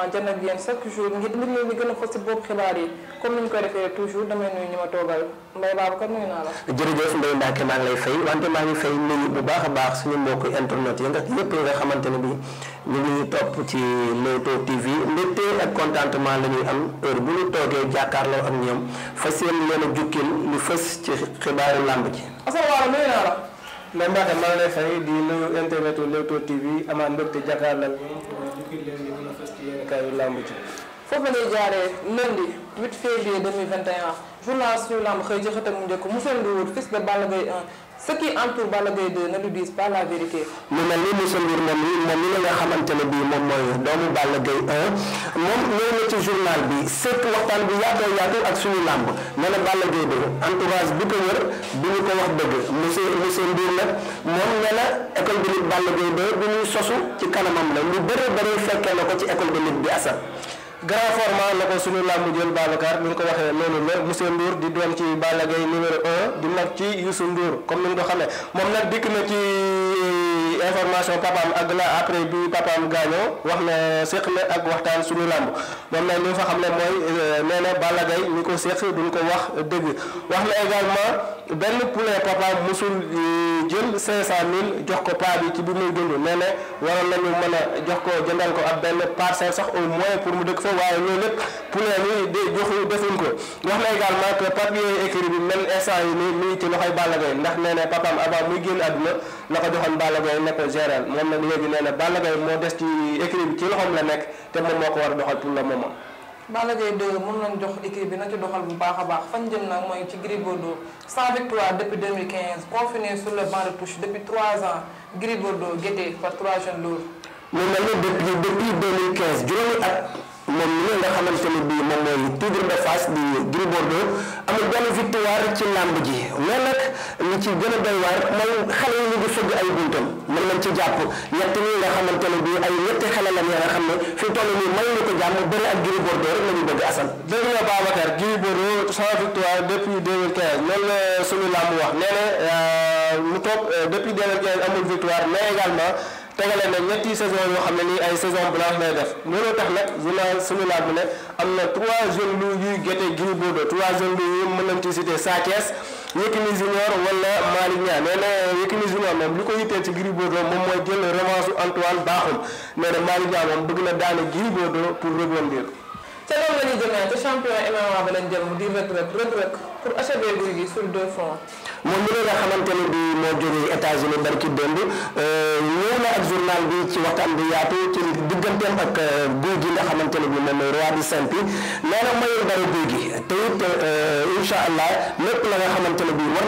également jànn ak yéen chaque jour ngir li leen di gën a fës si bopp ma toogal Mbaye Babacar nuyu naa la. jërëjëf Ndeye Ndake baax a baax suñu mbokk internet yi nga yëpp nga xamante ne bi ñu ngi topp ci Leewtoo TV mbégte ak contentement la am heure bu ñu toogee jàkkaarloo ak ñoom fas yéene leen a jukkil lu fës ci xibaaru làmb ji. asalaamaaleykum nuyu naa la. Ndeye maa ngi lay fay di nuyu internet Leewtoo TV amaat mbégte jàkkaarloo ak ñoom. yëglekaayu làmb ji foofu lay jaaree lundi 8 février 2021 journal suñu làmb xëy jëxatam mu njëkk Moussa Ndour fils de Balla Gaye 1 ce qui entoure Balla Gaye 2 ne lui disent pas la vérité. lu ni Moussa Ndour moom mi moom nga xamante bii moom mooy doomu Balla Gaye 1 moom ñëw ci journal bi seet waxtaan bi yaatoo ak suñu làmb nee na Balla Gaye 2 entourage bi ko wër bi ñu ko wax dëgg la école de lutte Balla Gaye 2 bi ñuy sosu ci kanamam la lu bëri bëri fekkee na ko ci école de lutte bi asal grand format la ko sunu làmb jël Babacar ni nga ko waxee loolu la monsieur Ndour di doom ci Balla Gaye numéro di mag ci Youssou Ndour comme ni nga ko moom nag dikk na ci euh, information papaam ak la après bi papaam gaañoo wax na séq na ak waxtaan sunu làmb moom nag li nga xam ne mooy euh, nee na Balla ni ko séq duñ ko wax dëgg wax na également benn poulet papa musul euh, jël cinq cent mille jox ko paa bi ci bi muy dund nee na waroon nañu mën a jox ko jëndal ko ab benn parcelle sax au moins pour mu dëkk fa waaye loolu lépp poulet mi de joxu defuñ ko wax na également que papier écrit bi même instant ci loxoy Balla Gaye ndax nee na papaam avant muy génn àdduna la ko joxoon Balla Gaye ne ko géral moom nag léegi nee na Balla Gaye moo des ci écrit bi ci loxoom la nekk te moom moo ko war a doxal pour le moment Balla Gaye 2 mën nañ jox équipe bi na ci doxal bu baax a baax fan jëm nag mooy ci Gris Bordeaux sans victoire depuis 2015 confiné sur le banc de touche depuis 3 ans Gris Bordeaux guetté par 3 jeunes lourds. mais man de depuis depuis 2015 juróomi at. nga xamante ni bii moom mooy Tigre de Fass di Gris Bordeaux amul benn victoire ci làmb ji mais nag li ci gën a doy waar mooy xale yi ñu ngi fëgg ay ci jàpp ñett ñi xamante ne bii ay ñetti la nga xam ne fi mu toll nii mayuñu ko la ñu bëgg Assane. dëgg la Babacar Gris Bordeaux sans victoire depuis 2015 loolu la suñu làmb wax nee na euh, mu toog euh, depuis 2015 amul victoire mais également. tegale na ñetti saison yoo xam ne nii ay saison blanche lay def loolu tax nag journal suñu laaj bi ne am na trois jeunes lu yuy gete Gris Bordeaux trois jeunes lu yu mën nañ ci cité Sa Thiès Yékini Junior wala Malick Niang nee na Yékini Junior moom li ko yitteel ci Gris Bordeaux moom mooy jël revanche Antoine Bakhoum nee na Malick Niang moom bëgg na daane Gris Bordeaux pour rebondir te loolu la ñuy jëmee te champion MMA ba lañ jëm di Reug Reug Reug Reug pour achever Gouye Gui sur deux fronts. moom mi nga xamante euh, journal bi ci waxtaan bi yaatu ci digganteem ak Gouye euh, Gui nga xamante ne bii moom mooy roi du simpi nee na mayul dara Gouye Gui te it euh, incha allah lépp la ne bii war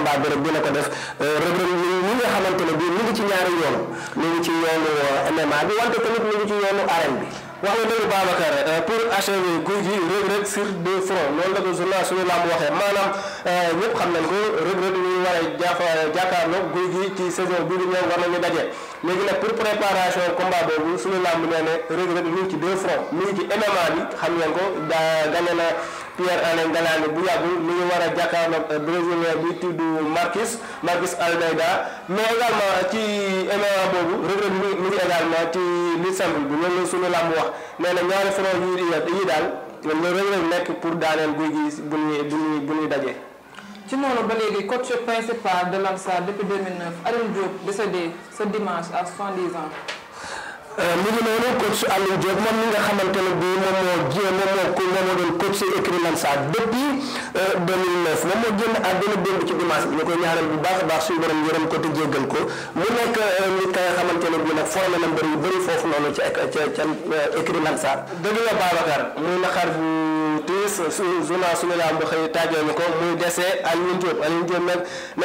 combat bi rek dina ko def Reug Reug ñi nga xamante ne bii mu ngi ci ñaari yoon mu ngi ci yoonu euh, MMA bi wante tamit mu ngi ci yoonu arène bi. wax nga dëgg Babacar euh, pour achever guy gi Reug Reug sur deux fronts loolu la ko journal suñu lamb waxee euh, xam nañ ko Reug Reug war a jaaf jàkkaarloo guy gi ci saison bii di ñëw war nañu daje léegi nag pour préparation combat boobu suñu làmb nee ne Reug mu ci deux fronts mu ngi ci MMA bi xam ngeen ko daa gagné na Pierre Alain Ngalani bu yàggul mu ngi war a jàkkaarloo brésilien bi tudd Marcus Marcus Almeida mais également ci MMA boobu Reug Reug mu ngi également ci lutte simple bi loolu suñu làmb wax nee na ñaari front yi yi daal loolu Reug Reug nekk pour daaneel guy gi bu ñuy bu ci noonu ba léegi coach principal de l'ANSAR depuis 2009 Alioune Diop décédé ce dimanche à 70 ans. Euh, moom ne bii moom moo jéem moom moo ko moom moo doon coach écurie Lansar depuis 2009 euh, moom moo génn àdduna ci dimanche bi ñu koy ñaanal baax baax suñu borom yërëm ko te jéggal ko mu nekk euh, nit ka nga xamante ne bii nag formé na mbër yu bëri foofu noonu ca ca tiis su journal suñu lamb xëy tàggee ñu ko muy desee Alioune Diop Alioune Diop nag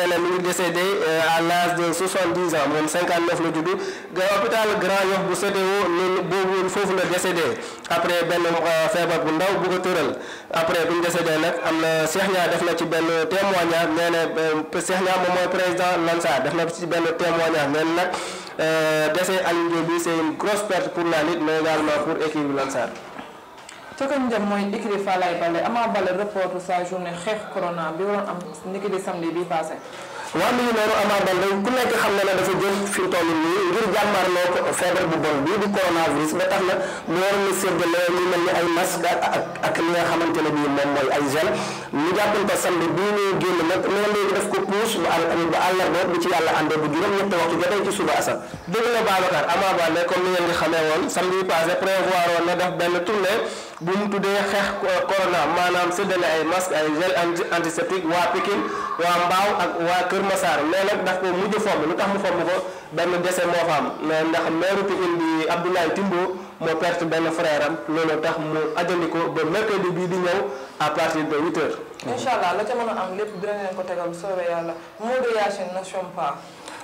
na mi ngi décédé euh, à l'âge de 70 ans moom 59 la juddu hôpital Grand Yoff bu CTO noonu boobu foofu la décédé après benn euh, feebar bu ndaw bu ko tëral après bu ñu décédé nag am na Cheikh Niang def na ci benn témoignage nee na euh, Cheikh mooy président Lansar def na ci benn témoignage nee na nag décès Alioune bi c'est grosse perte pour la lutte mais également pour équipe Lansar ca kañ jëm mooy écurie Falaye Baldé Ama Baldé di samedi bi passé. waaw ne dafa jël fi mu toll nii ngir jàmmarloo ko a séddale lu comme ni ngeen xamee woon samedi bi prévoir woon def benn tournée. bu mu tuddee xeex corona maanaam séddale ay masque ay gel antiseptique waa Pikine waa Mbaaw ak waa Kër Massar mais nag daf ko mujj fomm lu tax mu fomm ko benn décès moo fa am ndax maire Pikine bi Abdoulaye Timbo moo perte benn frère am tax mu ajandi ko ba mercredi bii di ñëw a partir de huit heures. allah la ca mën a am lépp dina leen ko tegal soobee yàlla Modou Yacine ne chôme pas.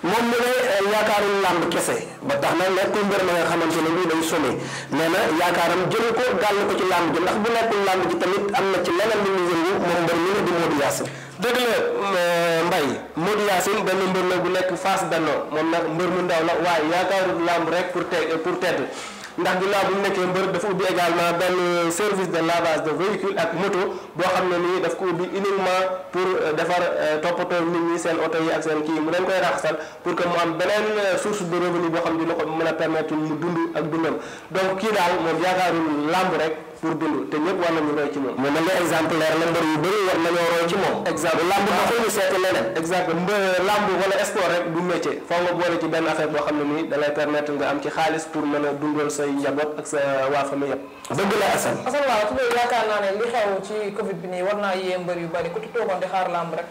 moom mu ne eh, yaakaarul làmb kese ba tax na nekkul mbir ma nga xamante ne bii day sonné nee na yaakaaram jël ko na ko ci làmb ji ndax bu nekkul làmb ji tamit am na ci leneen lu ñu yëngu moom mbir mi nga di Modou Yacine. dëgg la eh, Mbaye Modou Yacine mbër mbir la bu nekk Fass Benno moom nag mbër mu ndaw la waaye yaakaarul làmb rek pour te pour tedd. ndax ginnaaw bu mu nekkee mbër dafa ubbi également benn service de lavage de véhicule ak moto boo xam ne nii daf ko ubbi uniquement pour euh, defar euh, toppatoo nit ñi seen oto yi ak seen kii mu leen koy raxasal pour que mu am beneen euh, source de revenu boo xam ne dina ko mën a permettre mu dund ak dundam donc kii daal moom yaakaarul làmb rek. pour dund te ñëpp war nañu roy ci moom. mu mel ne exemplaire la mbër yu bëri nañoo roy ci moom. exemple lamb dafa ñu seet leneen. exemple mba lamb wala sport rek du métier foo nga boole ci benn affaire boo xam ne nii da lay permettre nga am ci xaalis pour mën a dundal say njaboot ak sa waa famille yëpp. dëgg la Assane. Assane waaw su yaakaar naa ne li xew ci Covid bi nii war naa yee mbër yu bari ku ci toogoon di xaar lamb rek.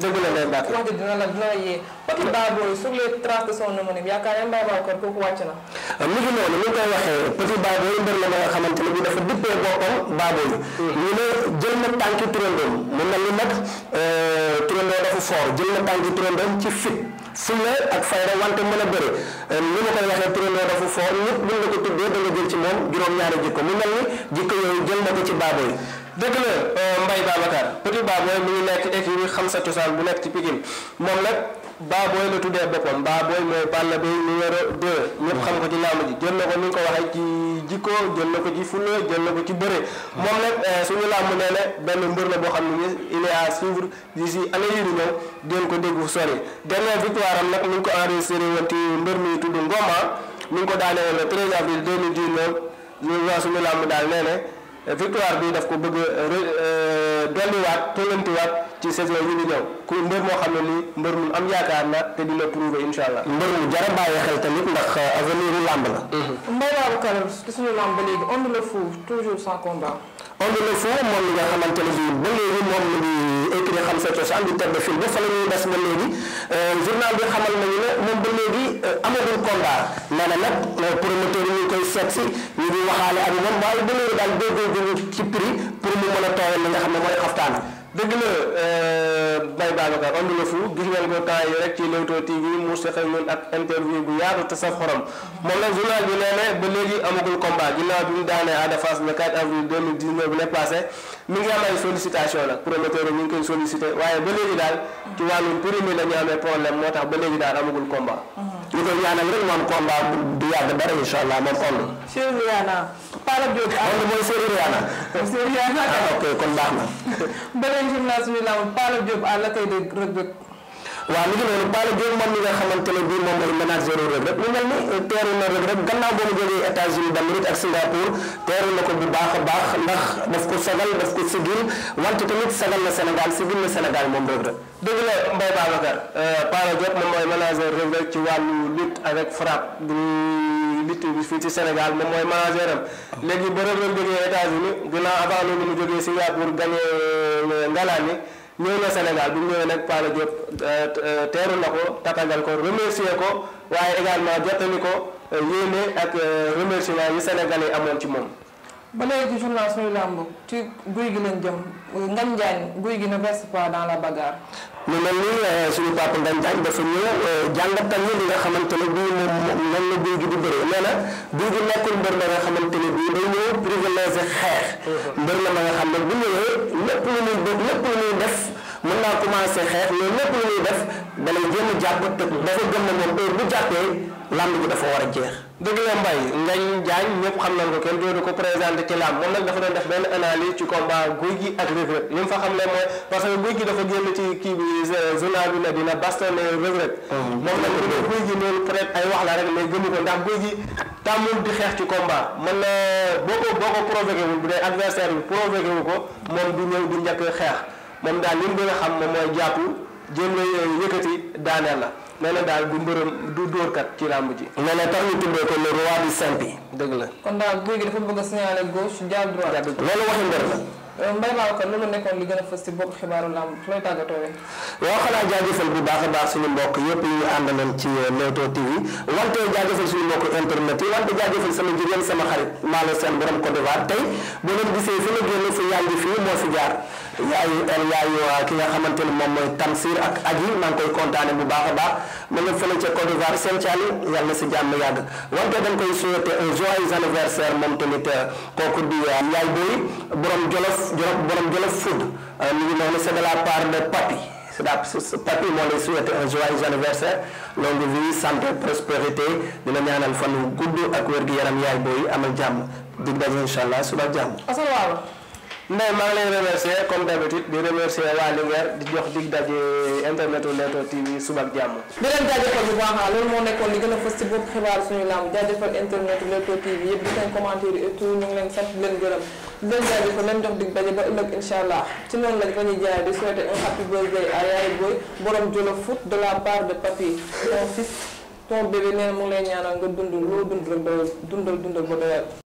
dëgg la Ndeye Mbacke wax dëgg dina son na. Euh, mi ngi noonu ni ñu koy waxee Petit Baboy mbir nga xamante ne bii dafa dippee boppam Baboy. Hmm. ñu ne jël na tànki turandoom mu mel ni nag euh, turandoo dafa fort jël na tànki turandoom ci fit fulla ak fayda wante a bëre euh, ni ma koy waxee ñëpp ko tuddee da nga jël ci moom juróom-ñaari jikko mu mel ni jikko yooyu jël na ko ci yi dëgg la euh, Mbaye Babacar Petit Baboy mu ngi nekk écurie xam sa cosaan bu nekk ci Pikine moom nag Baboy la tuddee boppam Baboy mooy Balla Gaye numéro 2 ñëpp xam ko ci làmb ji jël na ko ni nga ko waxee ci jikko jël na ko ci fulla jël na ko ci bëre moom nag euh, suñu làmb nee na benn mbër la boo xam ne ni il est à suivre d'ici année yi di ñëw dinañ ko dégg sori dernière victoire am nag ñu ngi ko enregistré woon ci mbër mi tudd Ngoma mu ngi ko daanee woon le daal nee na victoire bi daf ko bëgg a euh, dolliwaat tollantiwaat ci saison yi ñu ñëw ku mbër moo xam ne nii mbër mu am yaakaar na te dina prouver incha allah. mbër mu jar a xel tamit ndax avenir yu làmb la. Mhm. Mbaye Babacar léegi Onde le Fou toujours sans nga xamante ne bii ba léegi moom la ñuy écrire xam sa cosaan di tedd film ba fa la ñuy des ba léegi euh, journal bi xamal nañu ne moom ba léegi euh, amagul combat. nee na nag promoteur yi ñu koy seet si ñu ngi waxaale ak moom waaye ba daal déggoo ci prix pour mu mën a tooyal li nga xam ne mooy xaftaan dëgg la euh, Baye Babacar am fu gis ngeen ko temps rek ci Leewtoo TV mu seqal ñun ak interview bu yaatu te saf xorom moom nag journal bi nee na ba léegi amagul combat ginnaaw bi mu daanee Ada Fass le 4 avril 2019 bi ne passé mi ngi am ay sollicitation nag promoteur ñu ngi koy sollicité waaye ba léegi daal ci wàllum périmé la ñu amee problème moo tax ba léegi daal amagul combat. Mhm. ñu koy ñaanal rek moom combat du yàgg dara incha allah moom ah, on la. Cheikh Riana. Paala Diop on mooy Cheikh Riana. Cheikh waaw li ngi noonu Balla Diop moom mi nga xamante ne bii moom mooy manager Reug Reug mu mel ni eh, teeru na Reug gannaaw boo jógee États-Unis d'Amérique ak Singapour teeru na bu baax a baax ndax daf ko sagal daf ko sigil wante tamit sagal na Sénégal na Sénégal moom Reug Reug dëgg la Mbaye Babacar euh, Balla mooy manager ci wàllu lutte avec bu fii ci Sénégal moom mooy manager am ah. léegi ba Reug Reug jógee États-Unis ginnaaw avant loolu mu jógee Singapour gagné euh, Ngalani ñëw na Sénégal bu ñëwee nag Paala Diop euh, euh, teeru na ko tatagal ko remercier ko waaye également jottali ko euh, yéene ak remerciement yi Sénégalais amoon ci moom. ba léegi journal suñu làmb ci guy gi lañ jëm Ngagne Diagne guy gi ne verse pas dans la bagarre. mu mel ni suñu papa Ngagne Diagne dafa ñëw jàngat tamit li nga xamante lan la guy gi di bëree nee na guy gi nekkul mbër la nga xamante ne bii day ñëw privilège xeex mm-hmm. mbër la ma nga xam ne bu ñëwee lépp lu def mën naa commencé xeex mais lépp lu muy def dalay jéem a jàpp te dafa gëm ne moom heure bu jàppee làmb ji dafa war a jeex dëgg la mbay ngañ jaañ ñëpp xam nañ ko kenn doodu ko présenté ci làmb moom nag dafa doon def benn analyse ci combat guy gi ak Reug Reug mu fa xam ne mooy parce que guy gi dafa génn ci kii bi journal bi ne dina bastonné Reug Reug moom nag guy gi loolu peut être ay wax la rek mais gëmu ko ndax guy gi tàmmul di xeex ci combat mën na euh, boo ko boo ko provoqué wul bu dee adversaire bi provoqué wu ko moom du ñëw du njëkk xeex moom daal li mu bëgg a xam moom mooy jàpp jéem la yooyu yëkkati daaneel la nee na daal du mbërëm du dóorkat ci làmb ji. nee na tax ñu tuddee ko le roi du simpi. dëgg la kon daal guy gi dafa bëgg a signalé gauche jaar droit. loolu waxi mbër la. Euh, Mbaye Babacar loolu nekkoon li gën a fës ci bopp xibaaru làmb looy tàggatoo rek. waaw xanaa jaajëfal bu baax a yëpp yi ñu ci euh, Leewtoo TV wante jaajëfal suñu mbokk internet yi wante jaajëfal sama jigéen sama xarit Malo Sène borom Côte d'Ivoire tey bu gisee fi ma génn njàng fii fi jaar yaayu ki nga xamante ni moom mooy Tamsir ak aji maa koy kontaane bu baax a baax ma nga fële ca Côte d'Ivoire seen caali yàlla na si jàmm yàgg wante dañ koy souhaité euh, di euh, yaay boy borom jolof jolof borom jolof food euh, mi ngi noonu c'est de la part de papi c'est de la papi moo lay souhaité un joyeux anniversaire longue vie santé prospérité dina ñaanal fan wu gudd ak wér-gu-yaram yaay booy amal jàmm dig daje incha allah suba jàmm Ndeye maa ngi lay remercier comme d'habitude di remercier waa Linguère di jox dig daje internetu Leewtoo TV suba ak jàmm. di leen jaajëfal bu baax loolu moo nekkoon li gën a fës ci bopp xibaar suñu laamu jaajëfal internetu Leewtoo TV yëpp di seen commentaire et ñu leen sant di leen gërëm di leen jaajëfal leen jox dig daje ba ëllëg incha allah ci noonu la dañuy jaay di souhaiter un happy birthday à Yaay Boy Foot de la part de Papi ton fils ton bébé nee na mu ngi lay ñaanal nga dund loo dund rek